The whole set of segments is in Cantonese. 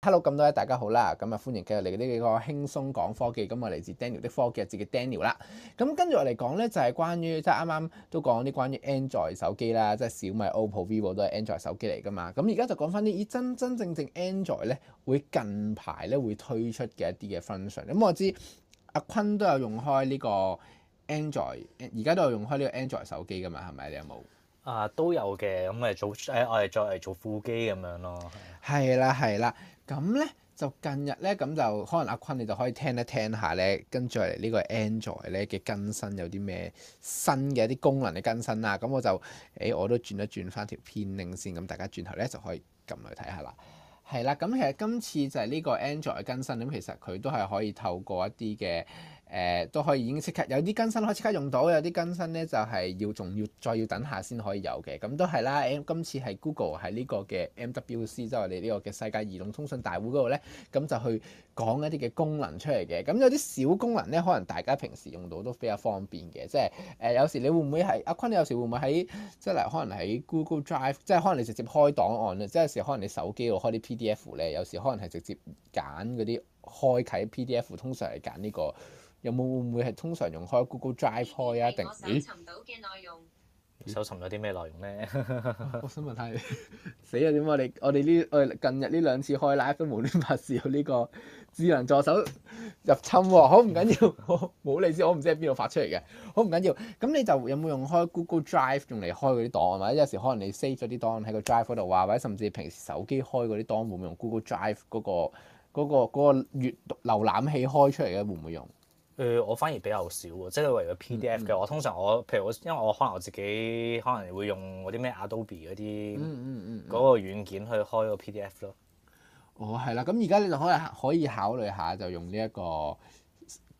hello，咁多位，大家好啦，咁啊歡迎繼續嚟呢幾個輕鬆講科技，咁我嚟自 Daniel 的科技，自己 Daniel 啦，咁跟住我嚟講呢，就係關於即係啱啱都講啲關於 Android 手機啦，即係小米、OPPO、VIVO 都係 Android 手機嚟噶嘛，咁而家就講翻啲以真真正正 Android 咧會近排咧會推出嘅一啲嘅 function，咁我知阿坤都有用開呢個 Android，而家都有用開呢個 Android 手機噶嘛，係咪，你有冇？啊，都有嘅，咁咪做誒，我哋再嚟做副機咁樣咯。係啦，係啦，咁咧就近日咧，咁就可能阿坤你就可以聽一聽一下咧，跟住嚟呢個 Android 咧嘅更新有啲咩新嘅一啲功能嘅更新啦。咁我就誒、欸、我都轉一轉翻條片令先，咁大家轉頭咧就可以撳落去睇下啦。係啦，咁其實今次就係呢個 Android 更新，咁其實佢都係可以透過一啲嘅。誒、呃、都可以已經即刻有啲更新可以即刻用到，有啲更新咧就係、是、要仲要再要等下先可以有嘅咁、嗯、都係啦。M 今次係 Google 喺呢個嘅 MWC 即係我哋呢個嘅世界移動通信大會嗰度咧，咁、嗯、就去講一啲嘅功能出嚟嘅。咁、嗯、有啲小功能咧，可能大家平時用到都比較方便嘅，即係誒、呃、有時你會唔會係阿坤？你有時會唔會喺即係可能喺 Google Drive，即係可能你直接開檔案啦。即係有時可能你手機度開啲 PDF 咧，有時可能係直接揀嗰啲開啟 PDF，通常係揀呢個。有冇會唔會係通常用開 Google Drive 開啊？定搜尋到嘅內容，咦搜尋咗啲咩內容咧？ 我想問下你死啊！點解我哋我哋呢我近日呢兩次開 live 都無端發燒呢個智能助手入侵喎、喔？好唔緊要，冇你知我唔知喺邊度發出嚟嘅。好唔緊要，咁你就有冇用開 Google Drive 用嚟開嗰啲檔啊？或者有時可能你 save 咗啲檔喺個 Drive 嗰度啊，或者甚至平時手機開嗰啲檔會唔會用 Google Drive 嗰、嗰個嗰、嗰個嗰、嗰個閲、嗰個、瀏覽器開出嚟嘅？會唔會用？佢我反而比較少喎，即係為個 PDF 嘅，我、嗯嗯、通常我，譬如我，因為我，因為我可能我自己可能會用嗰啲咩 Adobe 嗰啲，嗯嗯嗰、嗯嗯、個軟件去開個 PDF 咯。哦，係啦，咁而家你就可可以考慮下，就用呢、呢、一個呢、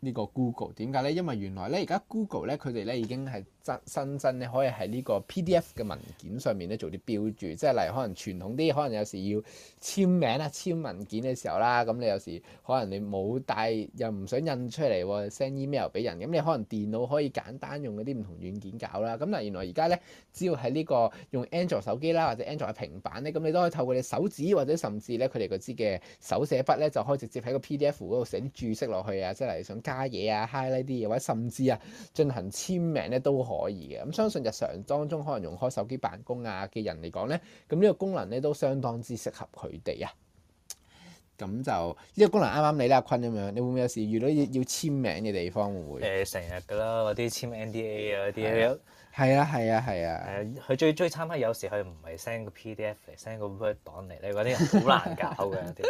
呢個 Google 點解呢？因為原來呢，而家 Google 呢，佢哋呢已經係。新新增咧，可以喺呢個 PDF 嘅文件上面咧做啲標注，即係例如可能傳統啲，可能有時要簽名啊簽文件嘅時候啦，咁你有時可能你冇帶又唔想印出嚟 send email 俾人，咁你可能電腦可以簡單用嗰啲唔同軟件搞啦。咁嗱，原來而家咧，只要喺呢個用 Android 手機啦，或者 Android 平板咧，咁你都可以透過你手指或者甚至咧佢哋嗰支嘅手寫筆咧，就可以直接喺個 PDF 度寫注釋落去啊，即係例如想加嘢啊、highlight 啲嘢，或者甚至啊進行簽名咧都可。可以嘅。咁，相信日常當中可能用開手機辦公啊嘅人嚟講咧，咁、這、呢個功能咧都相當之適合佢哋啊。咁就呢、這個功能啱啱你啦，阿坤咁樣，你會唔會有時遇到要，要簽名嘅地方會誒，成、呃、日噶啦，嗰啲簽 NDA 啊，嗰啲。係啊係啊係啊！誒、啊，佢、啊啊呃、最最慘係有時佢唔係 send 個 PDF 嚟，send 個 word 檔嚟，你嗰啲好難搞嘅啲。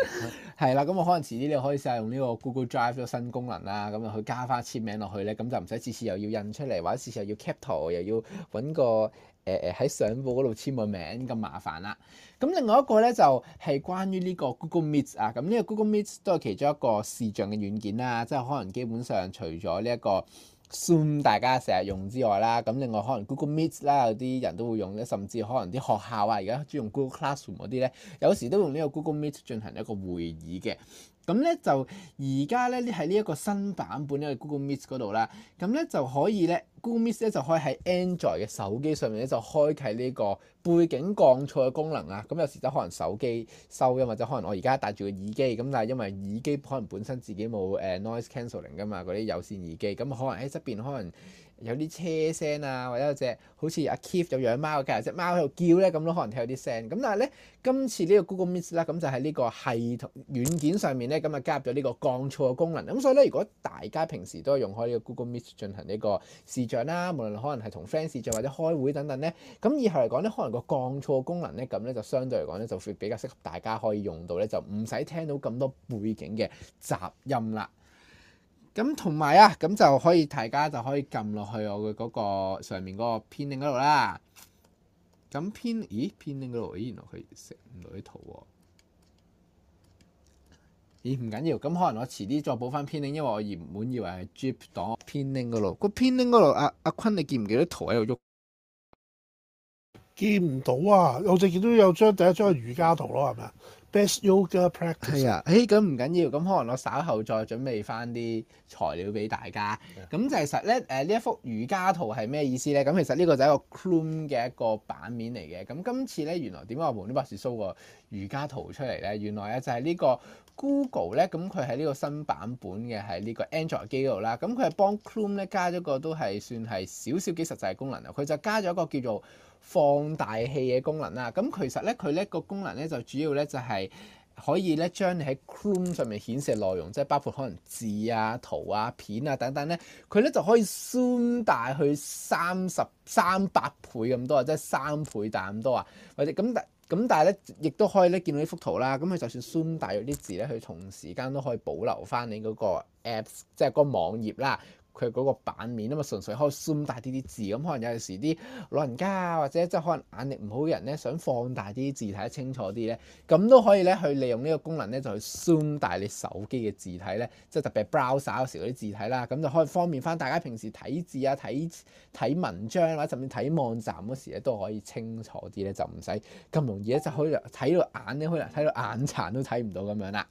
係啦、 嗯，咁我、啊嗯、可能遲啲你可以試下用呢個 Google Drive 咗新功能啦，咁、嗯、啊去加翻簽名落去咧，咁、嗯、就唔使次次又要印出嚟，或者次次又要 capture 又要揾個誒誒喺相簿嗰度簽個名咁麻煩啦。咁、嗯、另外一個咧就係、是、關於呢個 Google Meet 啊，咁、嗯、呢、嗯這個 Google Meet 都係其中一個視像嘅軟件啦，即係可能基本上除咗呢一個。Zoom 大家成日用之外啦，咁另外可能 Google Meet 啦，有啲人都會用咧，甚至可能啲學校啊，而家專用 Google Classroom 嗰啲咧，有時都用呢個 Google Meet 進行一個會議嘅。咁咧就而家咧喺呢一個新版本呢個 Google Meet 嗰度啦，咁咧就可以咧。Google Meet 咧就可以喺 Android 嘅手機上面咧就開啟呢個背景降噪嘅功能啦！咁、嗯、有時都可能手機收音或者可能我而家戴住個耳機咁，但係因為耳機可能本身自己冇誒、uh, noise cancelling 㗎嘛，嗰啲有線耳機咁、嗯，可能喺側邊可能。有啲車聲啊，或者有隻好似阿 Keef 有養貓㗎，隻貓喺度叫咧，咁都可能聽到啲聲。咁但係咧，今次呢個 Google Meet 啦，咁就喺呢個系統軟件上面咧，咁啊加入咗呢個降噪嘅功能。咁所以咧，如果大家平時都係用開呢個 Google Meet 進行呢個視像啦，無論可能係同 friend 視像或者開會等等咧，咁以後嚟講咧，可能個降噪功能咧，咁咧就相對嚟講咧，就會比較適合大家可以用到咧，就唔使聽到咁多背景嘅雜音啦。咁同埋啊，咁就可以大家就可以撳落去我嘅嗰個上面嗰個 Pin Link 嗰度啦。咁 Pin 咦 Pin Link 嗰度，咦原來佢食唔到啲圖啊。咦唔緊要，咁可能我遲啲再補翻 Pin Link，因為我原本以為係 GIF 檔 Pin Link 嗰度。個 Pin Link 嗰度，阿、啊、阿、啊、坤你見唔見到圖喺度喐？見唔到啊！我淨見到有張第一張瑜伽圖咯，係咪啊？Best yoga practice 係啊，誒咁唔緊要，咁可能我稍後再準備翻啲材料俾大家。咁其 Yeah. 實咧，誒、呃、呢一幅瑜伽圖係咩意思咧？咁、嗯、其實呢個就係個 Chrome 嘅一個版面嚟嘅。咁、嗯、今次咧，原來點解我門呢把樹掃個瑜伽圖出嚟咧？原來咧就係呢個 Google 咧，咁佢喺呢個新版本嘅喺呢個 Android 機度啦。咁佢係幫 Chrome 咧加咗個都係算係少少幾實際功能啊。佢就加咗一個叫做放大器嘅功能啦，咁其實咧佢咧個功能咧就主要咧就係可以咧將你喺 Chrome 上面顯示嘅內容，即係包括可能字啊、圖啊、片啊等等咧，佢咧就可以 zoom 大去三十三百倍咁多啊，即係三倍大咁多啊，或者咁但咁但係咧亦都可以咧見到呢幅圖啦。咁佢就算 zoom 大咗啲字咧，佢同時間都可以保留翻你嗰個 Apps，即係個網頁啦。佢嗰個版面啊嘛，純粹可以 Zoom 大啲啲字，咁可能有時啲老人家啊，或者即係可能眼力唔好嘅人咧，想放大啲字睇得清楚啲咧，咁都可以咧去利用呢個功能咧，就去 Zoom 大你手機嘅字體咧，即係特別 browse 嗰時嗰啲字體啦，咁就可以方便翻大家平時睇字啊、睇睇文章啊，甚至睇網站嗰時咧都可以清楚啲咧，就唔使咁容易咧，就可以睇到眼咧，可以睇到眼殘都睇唔到咁樣啦。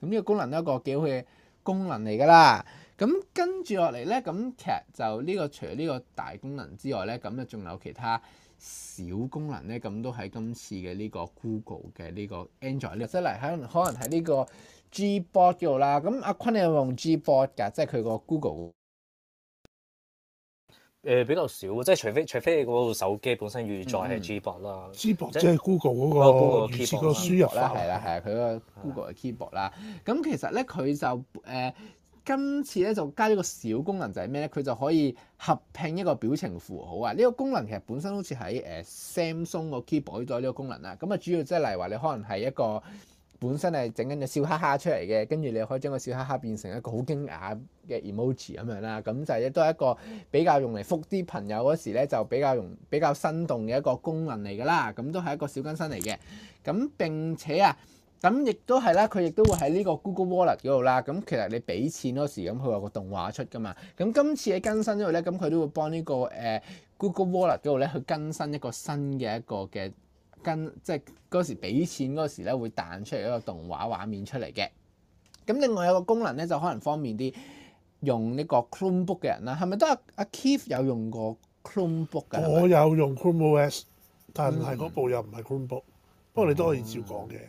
咁呢個功能都一個幾好嘅功能嚟噶啦。咁跟住落嚟咧，咁其實就呢個除咗呢個大功能之外咧，咁咧仲有其他小功能咧，咁都喺今次嘅呢個 Google 嘅呢個 Android，即係嚟喺可能喺呢個 Gboard 度啦。咁阿、啊、坤你有冇用 Gboard 噶？即係佢個 Google 誒比較少，即係除非除非嗰部手機本身預載係 Gboard 啦、嗯。g 即係 Go Go Google 嗰個輸入啦，係啦係啊，佢個 Google 嘅 keyboard 啦的。咁的其實咧佢就誒。呃呃今次咧就加咗個小功能就係咩咧？佢就可以合拼一個表情符號啊！呢、這個功能其實本身好似喺誒 Samsung 個 keyboard 都有呢個功能啦。咁啊，主要即係例如話你可能係一個本身係整緊個笑哈哈出嚟嘅，跟住你可以將個笑哈哈變成一個好驚訝嘅 emoji 咁樣啦、啊。咁就亦都係一個比較用嚟覆啲朋友嗰時咧，就比較用比較生動嘅一個功能嚟㗎啦。咁都係一個小更新嚟嘅。咁並且啊～咁亦都係啦，佢亦都會喺呢個 Google Wallet 嗰度啦。咁其實你俾錢嗰時，咁佢有個動畫出㗎嘛。咁今次喺更新嗰度咧，咁佢都會幫呢、呢個誒、呃、Google Wallet 嗰度咧，去更新一個新嘅一個嘅跟，即係嗰時俾錢嗰時咧，會彈出嚟一個動畫畫面出嚟嘅。咁另外有個功能咧，就可能方便啲用呢個 Chromebook 嘅人啦。係咪都阿阿 Keith 有用過 Chromebook 嘅？是是我有用 Chrome OS，但係嗰部又唔係 Chromebook。嗯。不過你都可以照講嘅，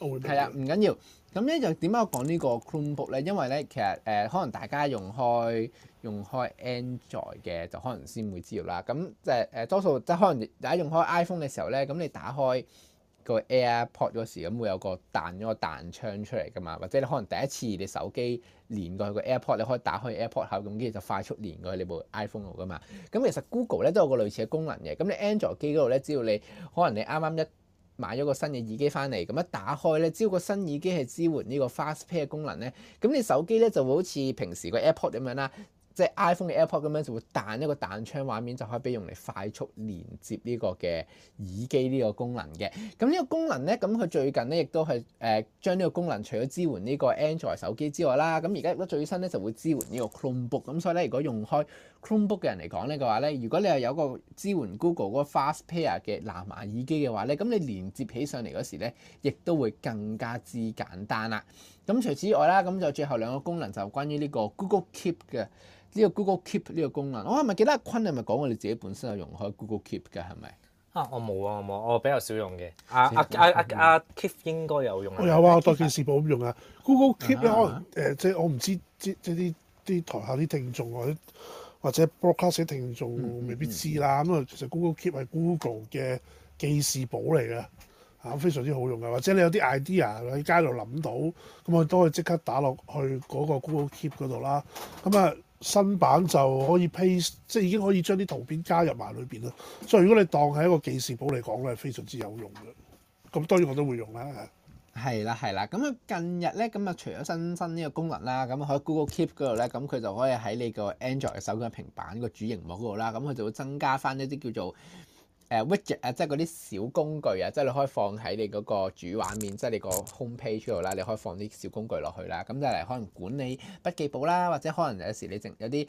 嗯、係啊，唔緊要咁咧。就點解我講個呢個 Chromebook 咧？因為咧，其實誒、呃、可能大家用開用開 Android 嘅，就可能先會知道啦。咁即係誒多數即係可能大家用開 iPhone 嘅時候咧，咁你打開個 AirPod 嗰時，咁會有個彈咗個彈窗出嚟噶嘛。或者你可能第一次你手機連過去個 AirPod，你可以打開 AirPod 口，咁跟住就快速連過去你部 iPhone 度噶嘛。咁其實 Google 咧都有個類似嘅功能嘅。咁你 Android 機嗰度咧，只要你可能你啱啱一，買咗個新嘅耳機翻嚟，咁一打開咧，只要個新耳機係支援呢個 Fast Pair 嘅功能咧，咁你手機咧就會好似平時個 AirPod 咁樣啦。即係 iPhone 嘅 AirPods 咁樣就會彈一個彈窗畫面，就可以俾用嚟快速連接呢個嘅耳機呢個功能嘅。咁呢個功能咧，咁佢最近咧亦都係誒、呃、將呢個功能除咗支援呢個 Android 手機之外啦，咁而家亦都最新咧就會支援呢個 Chromebook。咁所以咧，如果用開 Chromebook 嘅人嚟講咧嘅話咧，如果你係有個支援 Google 嗰個 Fast Pair 嘅藍牙耳機嘅話咧，咁你連接起上嚟嗰時咧，亦都會更加之簡單啦。咁除此之外啦，咁就最後兩個功能就關於呢個 Google Keep 嘅呢、呢個 Google Keep 呢個功能，哦、我係咪記得阿坤係咪講過你自己本身有用開 Google Keep 嘅，係咪？啊，我冇啊，我冇，我比較少用嘅。阿阿阿阿阿 Keep 應該有用啊，我有啊，我當記事簿咁用啊。Google Keep 咧，誒、呃，即係我唔知，即即啲啲台下啲聽眾或者或者 broadcast 啲聽眾未必知啦。咁啊、mm，hmm。其實 Google Keep 係 Google 嘅記事簿嚟嘅。啊，非常之好用嘅，或者你有啲 idea 喺街度諗到，咁我都可以即刻打落去嗰個 Google Keep 嗰度啦。咁啊，新版就可以 paste，即係已經可以將啲圖片加入埋裏邊啦。所以如果你當係一個記事簿嚟講咧，係非常之有用嘅。咁當然我都會用啦。係啦，係啦。咁啊，近日咧，咁啊，除咗新新呢個功能啦，咁喺 Google Keep 嗰度咧，咁佢就可以喺你個 Android 手機、平板個主螢幕度啦。咁佢就會增加翻一啲叫做～誒 widget 啊，uh, Widget, 即係嗰啲小工具啊，即係你可以放喺你嗰個主畫面，即係你個 home page 度啦。你可以放啲小工具落去啦。咁就嚟可能管理筆記簿啦，或者可能有時你淨有啲誒、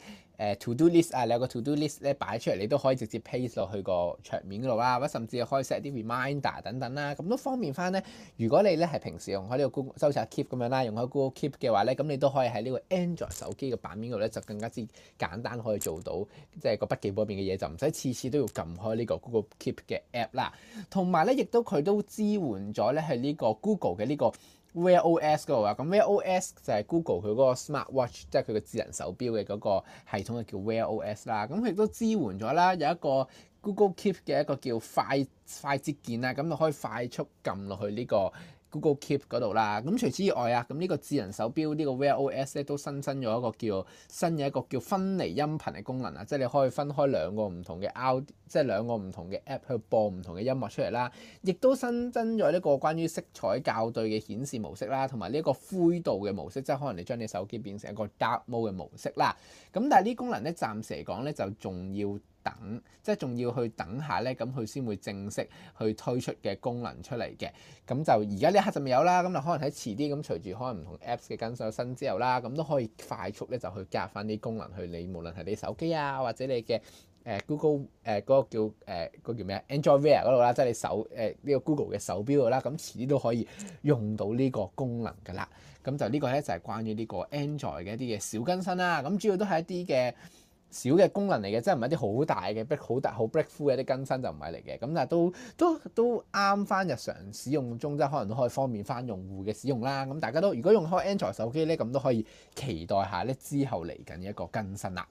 uh, to do list 啊，你有個 to do list 咧擺出嚟，你都可以直接 paste 落去個桌面嗰度啦。或者甚至可以 set 啲 reminder 等等啦，咁都方便翻咧。如果你咧係平時用開呢個 Google 周切 Keep 咁樣啦，用開 Google Keep 嘅話咧，咁你都可以喺呢個 Android 手機嘅版面度咧，就更加之簡單可以做到，即、就、係、是、個筆記簿入邊嘅嘢就唔使次次都要撳開呢個 Google。Keep 嘅 app 啦，同埋咧，亦都佢都支援咗咧，係呢個 Google 嘅呢個 wearOS 嗰度啊，咁 wearOS 就係 Google 佢嗰個 smartwatch，即係佢個智能手錶嘅嗰個系統，係叫 wearOS 啦。咁佢亦都支援咗啦，有一個 Google Keep 嘅一個叫快快捷鍵啊，咁就可以快速撳落去呢個 Google Keep 嗰度啦，咁除此之外啊，咁呢個智能手錶，這個，呢個 Wear OS 咧都新增咗一個叫新嘅一個叫分離音頻嘅功能啊，即係你可以分開兩個唔同嘅 out，即係兩個唔同嘅 app 去播唔同嘅音樂出嚟啦。亦都新增咗呢個關於色彩校對嘅顯示模式啦，同埋呢一個灰度嘅模式，即係可能你將你手機變成一個 dark mode 嘅模式啦。咁但係呢功能咧，暫時嚟講咧就仲要。等即係仲要去等下咧，咁佢先會正式去推出嘅功能出嚟嘅。咁就而家呢一刻就未有啦。咁就可能喺遲啲，咁隨住可能唔同 Apps 嘅更上新之後啦，咁都可以快速咧就去加入翻啲功能去你。你無論係你手機啊，或者你嘅誒 Google 誒嗰個叫誒嗰、嗰個、叫咩啊，Android Wear 嗰度啦，即係你手誒呢、呢個 Google 嘅手錶啦，咁遲啲都可以用到呢個功能㗎啦。咁就呢個咧就係關於呢個 Android 嘅一啲嘅小更新啦。咁主要都係一啲嘅。小嘅功能嚟嘅，即係唔係一啲好大嘅，好大好 breakthrough 嘅一啲更新就唔係嚟嘅。咁但係都都都啱翻日常使用中，即係可能都可以方便翻用戶嘅使用啦。咁大家都如果用開 Android 手機咧，咁都可以期待下咧之後嚟緊嘅一個更新啦。